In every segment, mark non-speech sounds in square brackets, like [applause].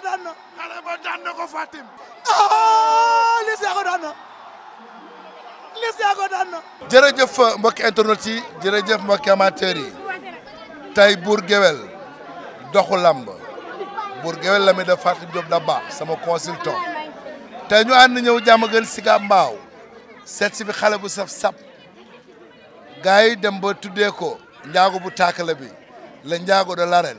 Seexu daan na. xale ba daan daan na. Liss Ndiago daan na. jërëjëf mbokki internet yi jërëjëf mbokki amateur yi tey buur géwél doxu lamb buur la mi def sama consultant tey ñu ànd ñëw jàmm gën si bi xale bu saf sap gars yi dem ba tuddee njaago bu taakala bi la njaago de laren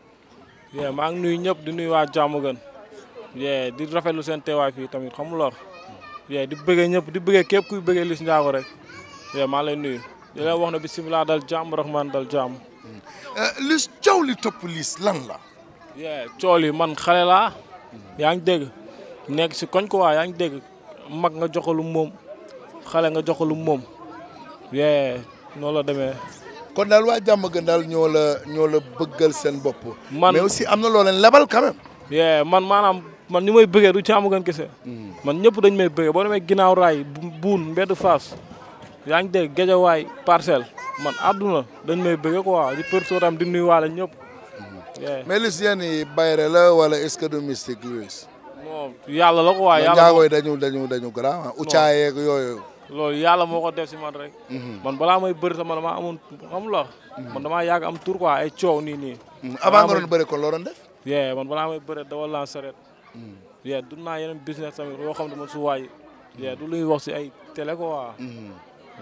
yeah maa ngi nuyu ñëpp di nuyu waa jàmm gën yeah di rafetlu seen teewaay fii tamit xamu lor yeah di bëggee ñëpp di bëggee képp kuy bëggee Liss Ndiago rek yeah maa lay nuyu di leen wax na bisimilah dal jàmm rahman dal jàmm. Eh, Liss coow li topp Liss lan la. yeah coow li man xale laa. yaa ngi dégg nekk si koñ ko waa yaa ngi dégg mag nga joxalu moom xale nga joxalu moom yeah noonu la demee. kon daal waa jàmm gën daal ñoo la ñoo la bëggal seen bopp. man mais am na loo leen lebal quand même. man maanaam man ni may bëggee du jàmm gën kese. Hmm. man ñëpp dañ may bëggee boo demee ginnaaw raay buun mbedd faas yaa ngi dégg géejawaay parcelle man àdduna dañ may bëggee quoi di përsoram di nuyuwaale ñëpp. Hmm. mais Liss yéen yi bayre la wala est-ce que du mystique Liss. non yàlla la quoi. yàlla la njaago yi dañu dañu dañu grand. Ah. non u caayeeg yooyu. loolu yàlla moo ko def si man rek. Mhm. man balaa may bëri sama damaa amoon xam la mhm. man damaa yàgg am tur quoi ay coow nii nii. Mhm. nga doon bëri kon loo doon def. yee man balaa may bëri dawal naa sareet. yee dund naa yeneen business tamit yoo xam ne man su yee du luy wax si ay télé quoi.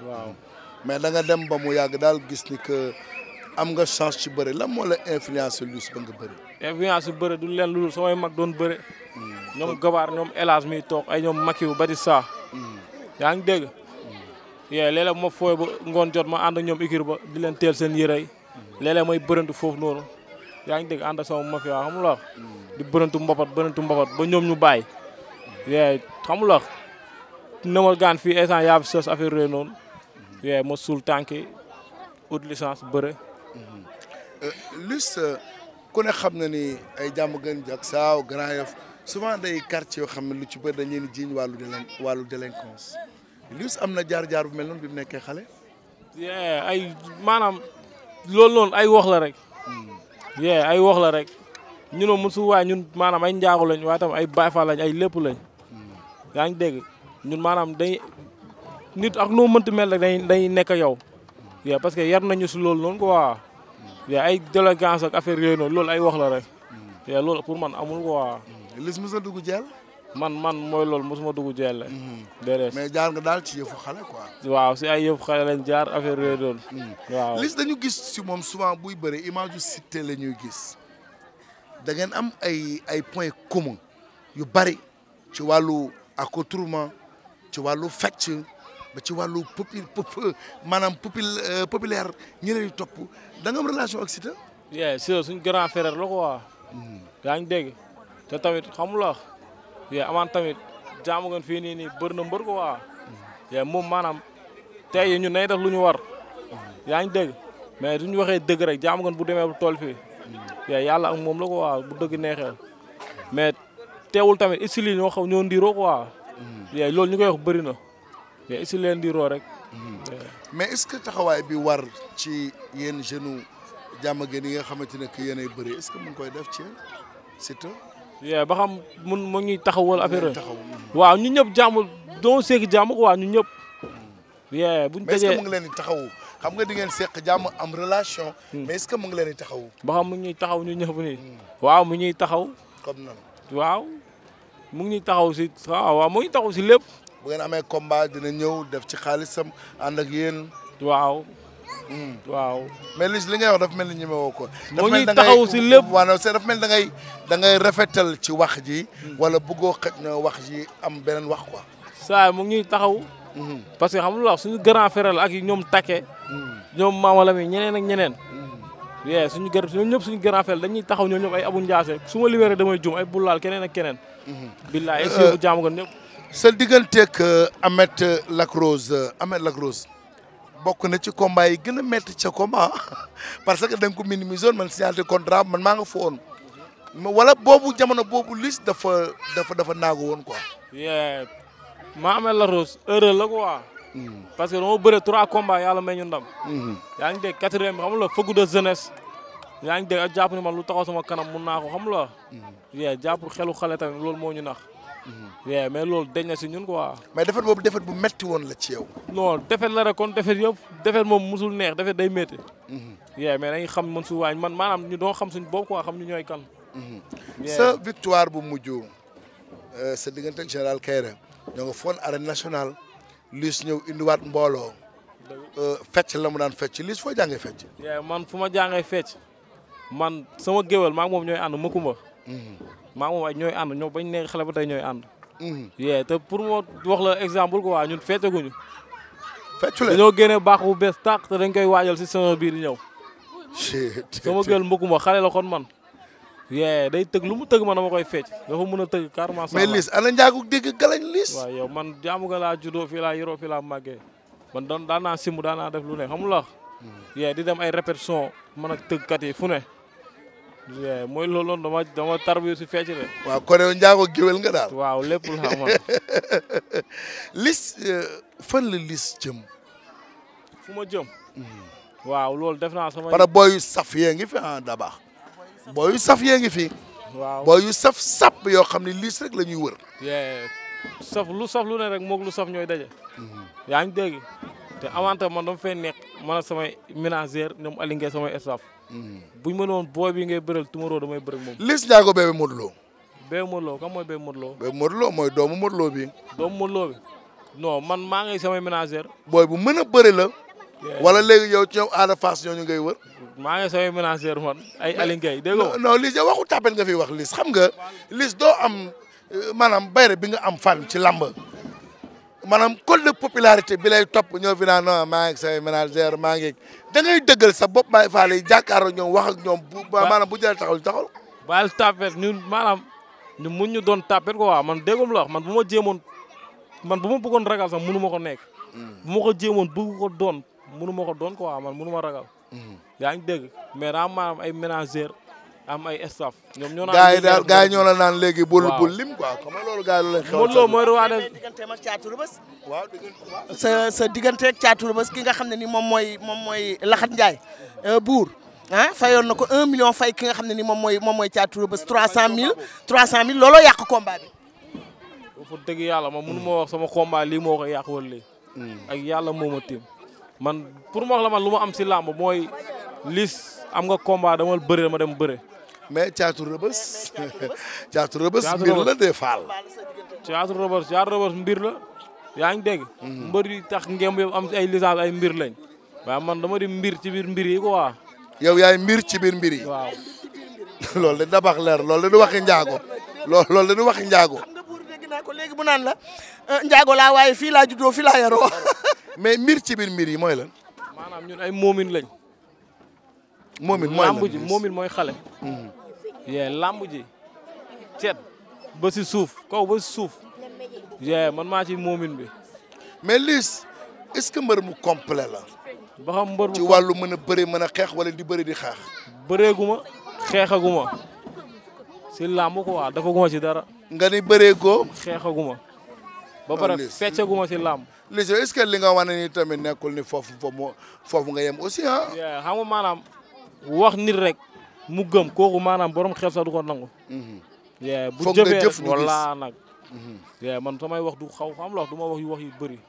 waa mais danga dem ba mu yàgg daal gis ni que am nga chance ci bëri la moo la influence Liss ba nga bëri. influence yu bëri du leen loolu samay mag doon bëri. ñoom gabaar ñoom El Hadj miy ay ñoom Makiou Batissa. yaa yee léeg ma fooy ba ngoon jot ma ànd a ñoom écurie ba di leen teel seen yëre yi léeg-léeg may bërëntu foofu noonu yaa ngi dégg ànd ak sama mafia xam nga lu di bërëntu mbapat bërëntu mbapat ba ñoom ñu baay yee xam nga gaan fi sos affaire yooyu noonu yee ma suul tànki ut licence bëre euh, euh, ku ne xam na ni ay jàmm gën jak saaw Grand Yoff souvent day quartier yoo xam ne lu ci bëri dañ leen jiiñ wàllu délinquance Liss am na jaar-jaar bu mel noonu bi mu nekkee xale. ay maanaam loolu noonu ay wax la rek. Hmm. ay wax la rek ñun mosu waay ñun maanaam ay njaagu lañ waaye tam ay bayfa lañ ay lépp lañ. Hmm. yaa ngi dégg ñun maanaam day nit ak noo mëntu mel rek day day nekk yow. parce que yar nañu si loolu noonu quoi. Hmm. ay délégance ak affaire yooyu noonu loolu ay wax la rek. lool pour man amul quoi. Liss mos a dugg jàll. man man mooy loolu mosuma dugg jelle mhm. déedéet mais jaar nga daal ci yëfu xale quoi waaw si ay yëfu xale lañ jaar affaire yooyu doon mhm. waaw dañu gis si moom souvent buy bëri image yu Siteu la ñuy gis da ngeen am ay ay point commun yu bëri ci wàllu accoutrement ci wàllu fecc ba ci wàllu popu pop maanaam popul euh, populaire ñi topp da nga am relation ak Siteu. yeah Siteu suñ grand frère la quoi. Mhm. yaa ngi dégg te tamit xamula yee amaan tamit jaamu ngeen fi nii nii bëri na mbër ko waa yee moom maanaam tey ñu nañ def lu ñu war yaa ngi dégg mais ñu waxee dëgg rek jaamu ngeen bu demee bu tool fi yee yàlla ak moom la ko waa bu dëgg neexee mais teewul tamit isili ñoo xaw ñoo ndiiroo ko waa yee loolu ñu koy wax bëri na mais isili leen ndiiroo rek mais est-ce que taxawaay bi war ci yenn jeunes jàmm gën yi nga xamante ne que yéenay bëri est-ce que mu koy def ci surtout yeah ba xam mun mu ñuy taxawal affaire waaw ñu ñëpp jàmm doo seeg jàmm waa ñu ñëpp. Hmm. yeah buñ dajee hmm. mais est-ce que mu ngi leen di taxawu xam nga di ngeen seq jàmm am relation. mais est-ce que mu ngi leen di taxawu. ba xam mu ngi ñuy taxaw ñu ñëpp nii. Hmm. waaw mu ñuy taxaw. comme nan waaw. mu ngi ñuy taxaw si waaw mu ngi taxaw si lépp. bu ngeen amee combat dina ñëw def ci xaalisam ànd ak yéen. waaw. Mm. waaw mais li li nga wax dafa mel ni ñeme woo ko. moo ñuy taxaw si lépp dafa mel da ngay da ngay rafetal ci wax ji. Mm. wala bëggoo xëj na wax ji am beneen wax quoi. saa mu ngi ñuy taxaw. Mm-hmm. parce que xam nga lu wax suñu grand frère la ak ñoom Take. Mm. ñoom Mama Lamine ñeneen ak ñeneen. oui suñu gër ñoom ñëpp suñu grand frère dañuy taxaw ñoom ñëpp ay Abou Ndiassé su ma libéré damay jum ay Boulal keneen ak keneen. Mm-hmm. billaay ay bu jaamu ko ñëpp. sa digganteeg euh, Ameth Lacrose euh, Ameth Lacrose. bokk na ci combat yi gën a métti ca combat [laughs] parce que da nga ko minimiser woon man signature man maa nga fa woon wala boobu jamono boobu lis dafa dafa dafa naagu woon quoi. maa amee la rose heure la quoi. Hmm. parce que dama bëre trois combats yàlla may ñu ndam. Hmm. yaa ngi dégg quatrième bi xam la fëggu de jeunesse. yaa ngi dégg ak jàpp ni man lu taxaw sama kanam mu naa ko xam la. Hmm. yaa jàpp xelu xale tamit loolu moo ñu nax. oui mais loolu dañ na si ñun quoi. mais defet boobu defet bu metti woon la ci yow. non defet la rek kon defet yëpp defet moom musul neex defet day métti. oui mhm. mais dañuy xam man su waañ man maanaam ñu doon xam suñu bopp quoi xam ñu ñooy kan. Mhm. sa victoire bu mujj euh, sa diggante ak général Kayre ñoo nga foon arène nationale Liss ñëw indiwaat mbooloo. Euh, fecc la mu daan fecc Liss foo jàngee fecc. man fu ma jàngee fec man sama géwél maa ngi moom ñooy ànd mëkku ma. Mhm. maa moom waay ñooy ànd ñoo bañ nekk xale ba tey ñooy ànd. Mhm. yee te pour moo wax la exemple waa ñun fecceguñu. feccu leen dañoo génne baax bu bees tàq te dañ koy waajal si saison bii di ñëw. sama gël mbokkuma xale la kon man. yee day tëgg lu mu tëgg man a dama koy fecc dafa mën a tëgg carrément. mais Liss ana njaagu dégg galañ Liss. waaw yow man jaamu nga laa juddoo fii laa yoroo fii laa màggee man doon daan naa simb daan naa def lu ne xam nga mhm. di dem ay répétition man ak tëggkat yi fu ne. mooy loolu noonu dama dama tarbiyu si de. waaw kon yow njaago géwél nga daal. waaw lépp la xam [laughs] lis euh, fan la lis jëm. fu ma jëm. waaw loolu def naa sama. parce saf yee ngi fi ah da baax booy yu saf ngi fi. waaw booy yu sap yoo xam ne lis rek la ñuy wër. saf lu saf lu ne rek moog lu saf ñooy daje. Mhm. yaa ngi dégg te avantage man dama fay nekk man ak samay ménagère ñoom Aliou Ngueye samay staff. buñ ma ne woon booy bi ngay bëral tumaroo mooy bëral moom. Liss Ndiago bébé Modou Lo. bébé Modou Lo kan mooy bébé Modou Lo. bébé Modou Lo mooy doomu Modou Lo bi. doomu Modou loo bi non man maa ngi samay ménagère. booy bu mën a bëri la. wala léegi yow ci ñoom Ada Fass ñooñu ngay wër. maa ngi samay ménagère man ay Alioune Gueye dégg nga. non Liss yow u tàppet nga fi wax liis xam nga liis doo am euh, maanaam bayre bi nga am fan ci làmb maanaam kol de popularité bi lay topp ñoo fi naan non maa ngi say ménagère maa ngi da ngay dëggal sa bopp Baye Fall yi jàkkaarloo ñoom wax ak ñoom. bu maanaam bu jëlee taxawul taxawul. baal tapet ñun maa ñu mun ñu doon tapet ko waa man déggum la wax man bu ma jéemoon man bu ma bëggoon ragal sax mënu ma ko nekk. Hmm. bu ma ko jéemoon bëgg ko doon mënu ma ko doon ko waaw man mënu ma ragal. Hmm. yaa ngi dégg mais daa maanaam ay ménagère am ay staff. ñoom ñoo naan gaa yi daal léegi. bul lim quoi xam loolu gaa yi la xew. Modou Lo mooy roi sa sa diggante ki nga xam ne ni moom mooy moom mooy Laxat Ndiaye euh, buur. ah fayoon na ko 1 million fay ki nga xam ne ni moom mooy moom mooy Thiatou Rebeuss 300000 300000 looloo yàq combat bi. fa dëgg yàlla ma mënu ma wax sama combat lii moo ko yàq wala lii. Hmm. ak yàlla moo ma tiim man pour ma la man lu ma am si làmb mooy lis am nga combat dama bëre dama dem bëre. mais caatu rëbës caatu rëbës mbir la de faal caatu rëbës caatu rëbës mbir la yaa ngi dégg hmm. mbër yi tax ngemb yëpp am ay mbir lañ waaw man dama di mbir ci biir mbir yi quoi yow yaay mbir ci biir mbir yi waaw [laughs] loolu de dabax leer loolu de du waxi njaago lool loolu de njaago naa ko léegi bu naan la euh, njaago laa waaye fii laa juddoo fii laa [laughs] mais mbir ci biir mbir yi mooy lan maanaam ñun ay momin lañ moomin mooy lan mooy xale hmm. yee lamb ji cet ba si suuf kaw ba si suuf yee man maa ci moomin bi mais Liss est-ce que mbër mu complet la ba xam mbër ci wàllu mën a bëre mën a xeex wala di bëri di xeex bëreeguma xeexaguma si làmb ko waa dafaguma ci dara nga ni bëreegoo xeexaguma ba pare feccaguma si làmb Liss est-ce que li nga wane ni tamit nekkul ni foofu foofu nga yem aussi ah xam nga maanaam wax nit rek mu gëm kooku maanaam borom xel sax du ko nangu. Mhm. bu jëfee rek wala nag. Mhm. man samay wax du xaw xam la du ma wax yu wax yu bëri.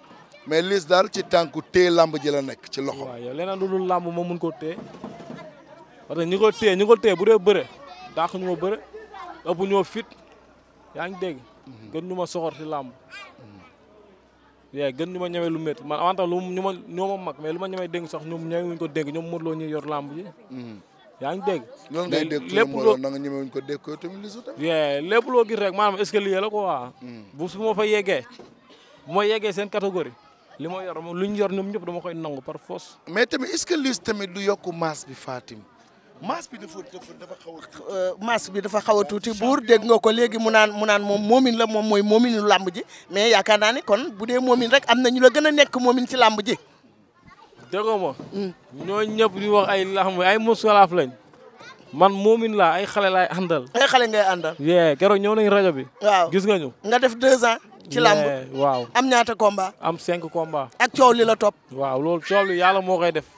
mais Liss daal ci tànku téye làmb ji la nekk ci loxo. waaw yow lu dul làmb moom mun ko téye parce que ñi ko téye ñi ko téye bu dee bëre dàq ñu ma bëre ëpp ñoo fit yaa ngi dégg. Mhm. gën ñu ma soxor ci làmb. yaa gën ñu ma ñëwee lu métti man avant ñu ma ñoo ma mag mais lu ma ñëwee dégg sax ñoom ñëwee wuñ ko dégg ñoom mënuloo ñu yor làmb ji. yaa ngi dégg. loolu ah, ngay dégg lépp loo na nga ñemewuñ ko dégg ko tamit li su tamit. lépp loo gis rek maanaam est ce que lii la quoi. Hmm. bu su ma fa yeggee bu ma yeggee seen catégorie li moo yor moom lu ñu yor ñoom ñëpp dama koy nangu par force. mais tamit est ce que lii tamit du yokk masse bi Fatim. masse bi dafa dafa xaw a. Euh, masse bi dafa xaw a tuuti buur dégg nga ko léegi mu naan mu naan moom moomin la moom mooy moominu làmb ji mais yaakaar naa ne kon bu dee moomin rek am na ñu la gën a nekk moomin si làmb ji. déggoo ma. ñoo ñëpp di wax ay la xam ay musalaaf lañ. man moomin laa ay xale laay àndal. ay xale ngay àndal. yee keroog ñëw nañ rajo bi. waaw gis nga ñu. nga def deux ans. ci làmb waaw am ñaata combat. am cinq combat. ak coow li la topp. waaw loolu coow li yàlla moo koy def.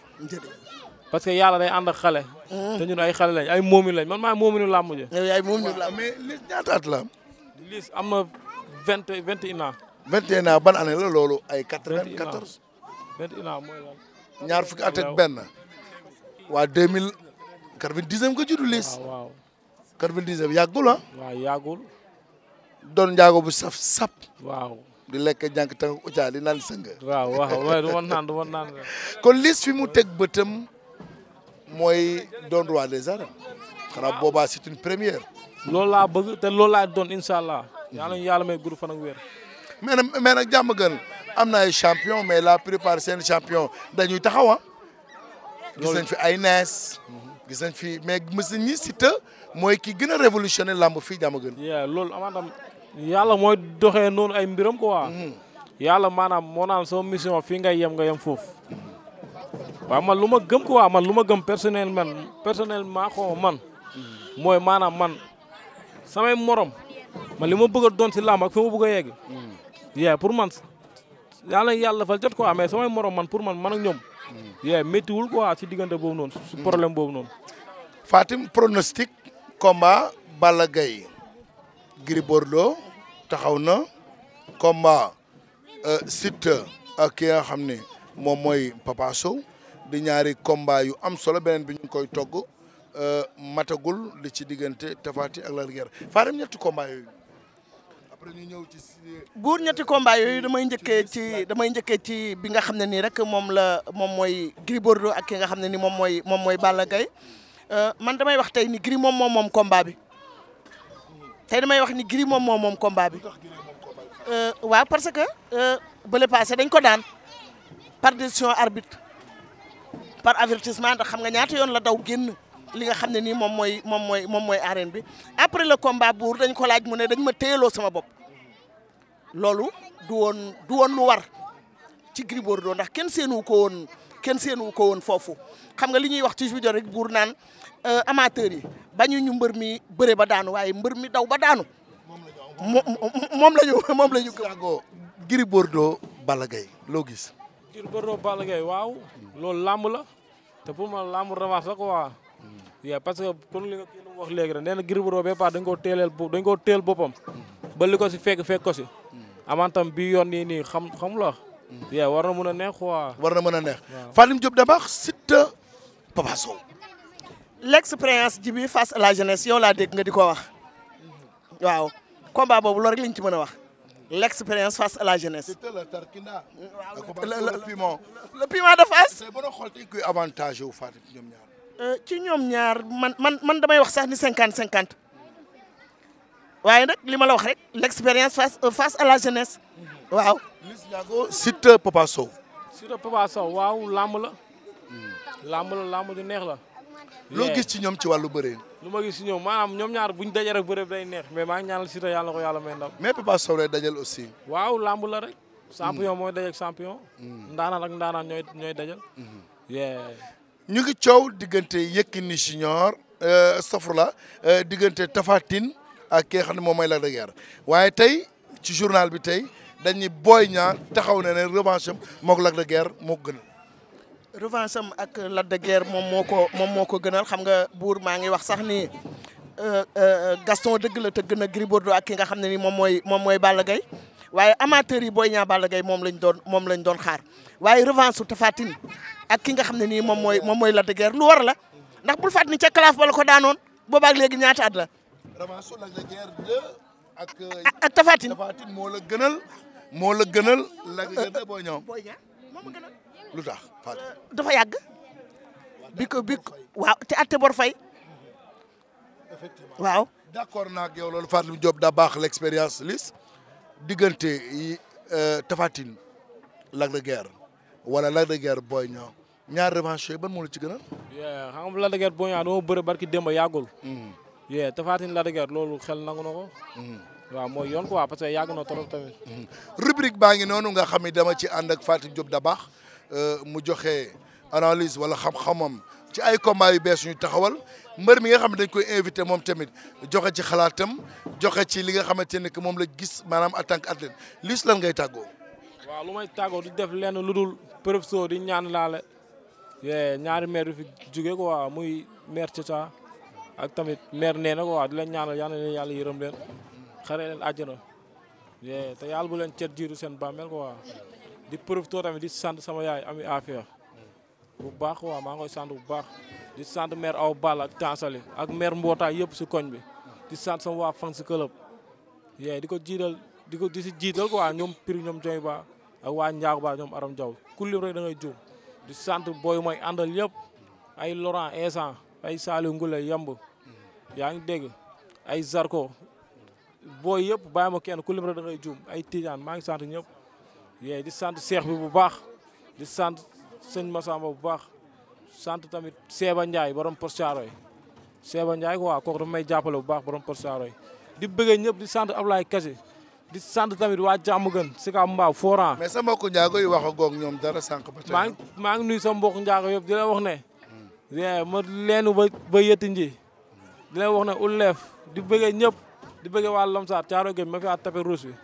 parce que yàlla day ànd ak xale. Mm-hmm. te ñun ay xale lañ ay moomin lañ man maa moominu làmb ja. ay moominu làmb mais li ñaata at la am. liis am na vingt vingt et un ans. vingt et un ans ban année la loolu ay quatre vingt quatorze. vingt un ans mooy lan. ñaar fukki at ak benn waa 2000 90e nga juddu Liss. waaw waaw 90e yàggul ah. waaw yàggul. doon njaago bu saf sap. waaw di lekk jànk tàng ucaa di naan sëng. waaw waaw waaye du ma naan du ma naan. kon Liss fi mu teg bëtam mooy doon roi des arènes. xanaa boobaa loolu laa bëgg loolu laa doon allah. yàlla yàlla may gudd fan ak wér. mais amna na ay champion mais la plupart seen champion dañuy taxaw ah. gis nañ fi ay ness gis nañ fi mais mos ñi Siteu moy ki gëna révolutionner lamb fi jàmm gën. lool amaanaam yalla moy doxé non ay mbiram quoi. Mhm. yalla manam mo naan sama mission fi ngay yem nga yem fofu wa man luma gëm quoi man luma ma gëm personnel man personnellement xaw man. moy manam man samay morom man lima bëgg a doon ci lamb ak fi ma bëgg a yegg. Mhm. pour man yàlla yàlla dafal jot quoi mais samay morom man pour man man ak ñoom. yee méttiwul quoi si diggante boobu noon su problème boobu noonu. Fatim pronostic. combat Balla Gaye. Gris Bordeaux taxaw na. komba euh, Siteu a ki nga xam ne moom mooy Papa di ñaari komba yu am solo beneen bi ñu koy togg euh, matagul li ci diggante Tapha Tine ak Lac de Guiers ñetti combat yooyu. góor ñetti combat yooyu damay njëkkee ci damay njëkkee ci bi nga xam ne nii rek moom la moom mooy Gris Bordeaux ak ki nga xam ne ni moom mooy moom mooy Balla Gaye euh, man damay wax tey ni Gris moom moom moom combat bi tey damay wax ni Gris moom moom moom combat bi euh, waaw parce que euh, bële passé dañ ko daan par décision arbitre par avertissement ndax xam nga ñaata yoon la daw génn li nga xam ne nii moom mooy moom mooy mooy arène bi après le combat buur dañ ko laaj mu ne dañ ma téyeloo sama bopp loolu du woon du lu war ci Gris Bordeaux ndax kenn seenu ko woon kenn seenu ko woon foofu xam nga li ñuy wax ci vidéo rek buur naan euh, amateur yi bañu ñu mbër mi bëre ba daanu waaye mbër mi daw ba daanu moom la ñu moom la ñu gaago Gris Bordeaux Balla loo gis Gris Bordeaux waaw loolu làmb la te pour ma làmb revanche la quoi yaa parce que kon li nga kii wax légui rek nee na Gris Bordeaux ba dañ ko teeleel dañ koo teel boppam ba liko ko si fekk fekk ko si amantam bi yoni ni xam xam la yaa war na mëna neex quoi war na mën neex Fatim Diop Dabax site Papa so l'expérience djibi face à la jeunesse yow la dégg nga diko wax waaw combat bobu loolu rek lañ ci mëna wax l'expérience face à la jeunesse. c'était le tarkina le le le piment. le piment de face. c'est bon xol tey ku avantage wu Fatick ñoom ñaar. Euh, ci ñom ñaar man man man damay wax sax ni 50 50 waye nak lima la wax rek l'expérience face euh, face à la jeunesse mhm. waaw. Liss Ndiago site Papa Sow. Siteu Papa Sow waaw lamb la. lamb la lamb ju neex la. lo gis ci ñom ci walu bëree. lu ma gis ci ñom manam ñom ñaar buñ dajee rek bëree day neex mais ma ngi ñaanal site yalla ko yalla may ndam. mais Papa Sow lay dajal aussi. waaw lamb la rek. Mm. champion mooy dajal champion. Mm. ndaanaan ak ndaanaan ñoy ñooy dajal. Mm-hmm. ñu ngi coow diggante Yékini Junior euh, safrula euh, diggante tafatin ak ki nga xam ne moom mooy Lac de Guiers waaye tey ci journal bi tey dañuy booy ñaa taxaw na ne revanche am mook Lac de Guiers moo ko gënal ak Lac de moom moo ko moom moo ko gënal xam nga buur maa ngi wax sax ni euh, Gaston dëgg la te gën a Gris Bordeaux ak ki nga xam ne ni moom mooy moom mooy Balla waaye amateurs yi booy Niang Balla Gaye moom lañ doon moom lañ doon xaar waaye revanche su ak ki nga xam ne nii moom mooy moom mooy Lac de Guiers lu war la ndax bul fàttali ni ca kalaaf bala ko daanoon boobaag léegi ñaataat at la. ramassu Lac de Guiers ak. ak moo la gënal. moo la gënal. lu tax dafa yàgg. bi ko waaw te atte bor fay. waaw. d' accord naa ak yow loolu Fatou baax l' expérience liste diggante yi euh, Tapha Tine wala Lac de Guiers Boy Niang ñaar revanche yooyu ban moo la ci gënal. xam nga Lac de Guiers boo ñëwaat dama bëre barki Demba yàggul. Mm-hmm. Tapha Tine Lac de Guiers loolu xel nangu na ko. Mm-hmm. waaw mooy yoon quoi parce que yàgg na trop tamit. Mm-hmm. rubrique baa ngi noonu nga xam ne dama ci ànd ak Fatou Diop da baax euh, mu joxe analyse wala xam-xamam ci ay combat yu bees ñu taxawal mbër mi nga xam dañ koy invité moom tamit joxe ci xalaatam joxe ci li nga xamante ne que moom la gis maanaam en tant qu'athlète liis lan ngay tàggoo. lu may ñaari maire yu fi jóge ko waaw muy maire Tcha ak tamit meer nee na ko waaw di leen ñaanal yal na yàlla yërëm leen xare leen àjjana te yàlla bu leen cet jiitu seen bàmmeel ko waaw di profité tamit di sant sama yaay ami affaire bu baax waaw maa ngi sant bu baax di sant maire aw Ball ak Tansali ak maire mbootaay yëpp si koñ bi di sant sama waa fan si club yee di ko jiital di ko di si jiital quoi ñoom Pire ñoom Joy Ba ak waa Ndiago Ba ñoom Aram Diaw ku lim di sant booy mooy àndal yëpp ay Laurent Esan ay Saliou Ngoulé Yamb yaa ngi dégg ay Zarko booy yëpp bàyyi ma kenn ku lim rek juum ay Tidiane maa ngi sant ñëpp yee di sant seex bi bu baax di sant sëñ Massamba bu baax sant tamit Seba Ndiaye borom Postaaroy Seba Ndiaye quoi kooku dafa may jàppale bu baax borom Postaaroy di bëggee ñëpp di sant Ablaye Kassé di sant tamit waa jàmm si ka mbaaw foran mais sa mbokku njaago yi wax a ñoom dara sànq maa ngi maa sa mbokku njaago yëpp di leen wax ne bien ma leenu ba ba yëtti di leen wax ne ulleef di bëggee ñëpp di bëggee waa Lamsaar caaro gém ma waa tapé rouge bi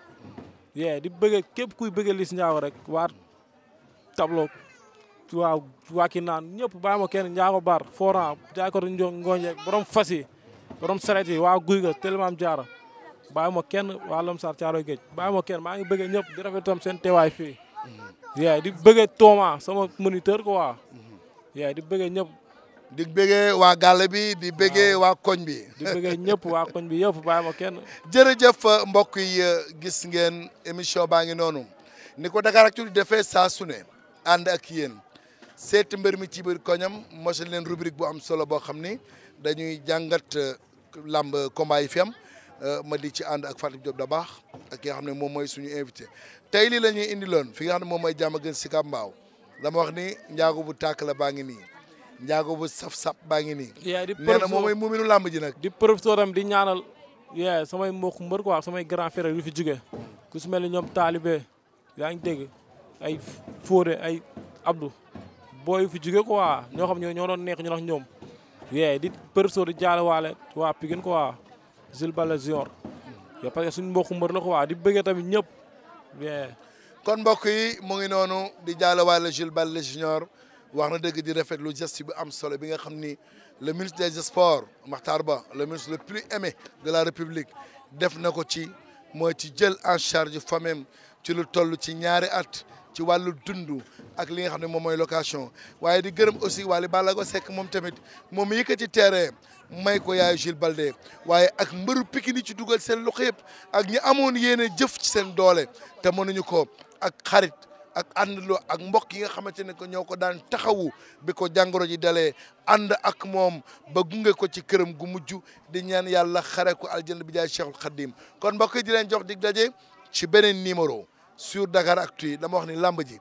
yee di bëggee képp kuy bëggee Liss Ndiago rek waa tableau waa ki naan ñëp bàyyi ma kenn Ndiago Bar foran jaay ko ngooñeeg borom fas yi borom saret yi waa guy ga tellement jaara bàyyi ma kenn walum sar Thiaroye geej bàyyi ma kenn ma ngi bëgg ñëpp di rafet seen téway fi ya di bëgg toma sama moniteur quoi yaay di bëgg ñëpp di bëggee wa galle bi di bëggee wa koñ bi di bëggee ñëpp wa koñ bi yëpp bàyyi ma kenn jërëjëf mbokk yi gis ngeen émission ba ngi nonu ni dakar ak di defee sa suné and ak yeen sét mbër mi ci bir koñam mosal leen rubrique bu am solo bo xamni dañuy jangat uh, lamb combat yi fi am Euh, ma di ci ànd ak Fatou jot da baax ak ki xam ne moom mooy suñu invité tey lii la ñuy indi fi nga ne moom mooy jàmm gën si Kambaaw dama wax ni njaago bu tàkk la baa ngi nii njaago bu saf-saf baa ngi nii. yaa di professeur nee na moom mooy muminu làmb ji nag. di professeur di ñaanal yaa samay mbokk mbër quoi samay grand frère fi jugee ku si mel ni ñoom Talibe yaa ngi dégg ay Fodé ay Abdou booy yu fi jugee quoi ñoo xam ñoo doon neex ñu nax ñoom. yaa di professeur di jaalewaale waa Pikine quoi. Jules Balla Junior yo parce que suñu mbokku mbër la ko waa di tamit bien kon mbokk yi mu ngi noonu di jaalawaale Jules Balla Junior wax na dëgg di geste bu am solo bi nga ni le ministre des sports Makhtar le ministre le plus aimé de la République def na ko ci gel ci jël en charge famem ci lu toll ci ñaari at ci wàllu dund ak li nga xam ne moom location waaye di gërëm aussi wàllu Balago mon moom tamit moom yëkkati terrain may ko yaay Jules Baldé waaye ak mbëru Pikine ci dugal seen loxo yëpp ak ñi amoon yéene jëf ci seen doole te mënuñu ko ak xarit ak àndaloo ak mbokk yi nga xamante ne ko ñoo ko daan taxawu bi ko jàngoro ji dalee ànd ak moom ba gunge ko ci këram gu mujj di ñaan yàlla xare ko aljanna bi jaay Cheikhul Khadim kon mbokk yi di jox dig daje ci beneen numéro sur Dakaractu dama wax ni làmb ji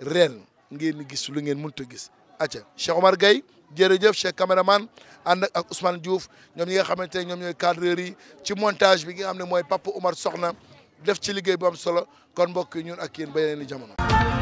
reen ngeen gis lu ngeen mënut a gis acca Cheikh Omar Gueye jërëjëf Cheikh cameraman ànd ak Ousmane Diouf ñoom ñi nga xamante ne ñoom ñooy cadreur yi ci montage bi nga xam ne mooy Papa Oumar Soxna def ci liggéey bu solo kon mbokk yi ñun ak kiin ba yeneen i jamono.